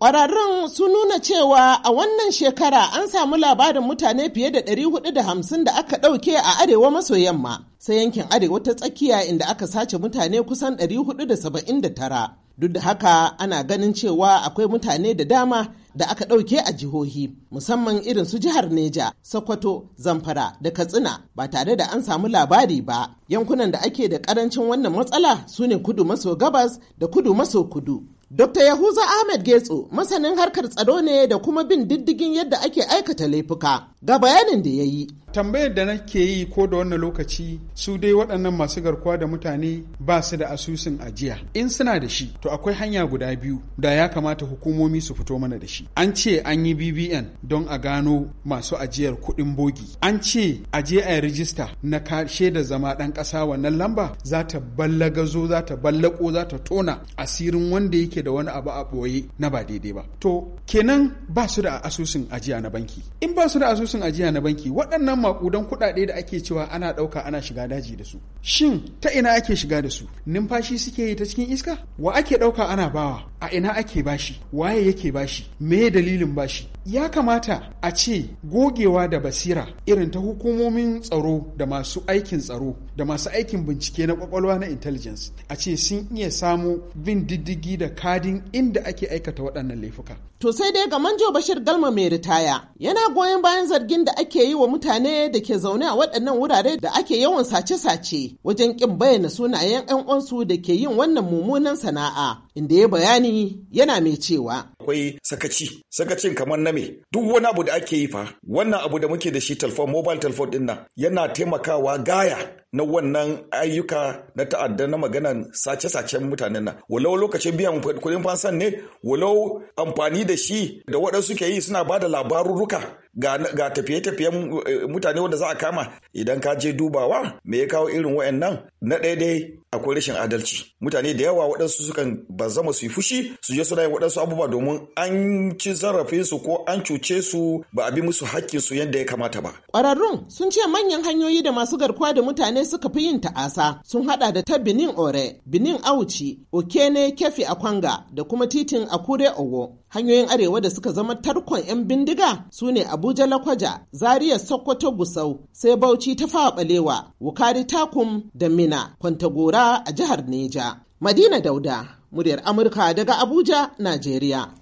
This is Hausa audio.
Ƙwararrun sun nuna cewa a wannan shekara an samu labarin mutane fiye da 450 da aka ɗauke a arewa maso yamma, sai yankin arewa ta tsakiya inda aka sace mutane kusan 479. Duk da haka ana ganin cewa akwai mutane da dama da aka ɗauke a jihohi, musamman irin su jihar Neja, Sokoto, Zamfara da Katsina ba tare da an samu labari ba. Yankunan da ake da ƙarancin wannan matsala su ne kudu maso gabas da kudu maso kudu. Dr. Yahuza Ahmed Getso masanin harkar tsaro ne da kuma bin diddigin yadda ake aikata laifuka ga bayanin da ya yi. tambayar da nake yi ko da wannan lokaci su dai waɗannan masu garkuwa da mutane ba su da asusun ajiya in suna da shi to akwai hanya guda biyu da ya kamata hukumomi su fito mana da shi an ce an yi bbn don a gano masu ajiyar kuɗin bogi an ce a je a rijista na kashe da zama ɗan ƙasa wannan lamba za ta ballagazo za ta ballako za ta tona asirin wanda yake da wani abu a ɓoye na ba daidai ba to kenan ba su da asusun ajiya na banki in ba su da asusun ajiya na banki waɗannan maƙudan kuɗaɗe da ake cewa ana ɗauka ana shiga daji da su shin ta ina ake shiga da su numfashi suke yi ta cikin iska wa ake ɗauka ana bawa a ina ake bashi waye yake bashi me dalilin bashi ya kamata a ce gogewa da basira irin ta hukumomin tsaro da masu aikin tsaro da masu aikin bincike na kwakwalwa na intelligence a ce sun iya samu bin diddigi da kadin inda ake aikata waɗannan laifuka to sai dai ga manjo bashir galma mai ritaya yana goyon bayan zargin da ake yi wa mutane da ke zaune a waɗannan wurare da ake yawan sace-sace wajen ƙin bayyana sunayen 'yan uwansu da ke yin wannan mummunan sana'a inda ya bayani yana mai cewa akwai sakaci sakacin kamar na me duk wani abu da ake yi fa wannan abu da muke da shi telefon mobile telefon din nan yana taimakawa gaya na wannan ayyuka na ta'adda na maganan sace-sacen mutanen nan walau lokacin biyan kudin fansan ne walau amfani da shi da waɗansu ke yi suna ba da labarurruka ga tafiye-tafiyen eh, mutane wanda za a kama idan ka je dubawa me ya kawo irin wayannan na daidai akwai rashin adalci mutane da yawa waɗansu sukan bazama su yi fushi su je suna yin waɗansu abubuwa domin an ci zarafin su ko an cuce su ba a bi musu hakkin su yadda ya kamata ba ƙwararrun sun ce manyan hanyoyi da masu garkuwa da mutane suka fi yin ta'asa sun haɗa da ta Benin Ore, Benin Auci, Okene Kefi Akwanga da kuma titin Akure Owo. hanyoyin arewa da suka zama tarkon 'yan bindiga su ne abuja lakwaja zaria sokoto gusau sai bauchi ta fawa balewa wukari takum da mina kwantagora a jihar neja madina dauda muryar amurka daga abuja najeriya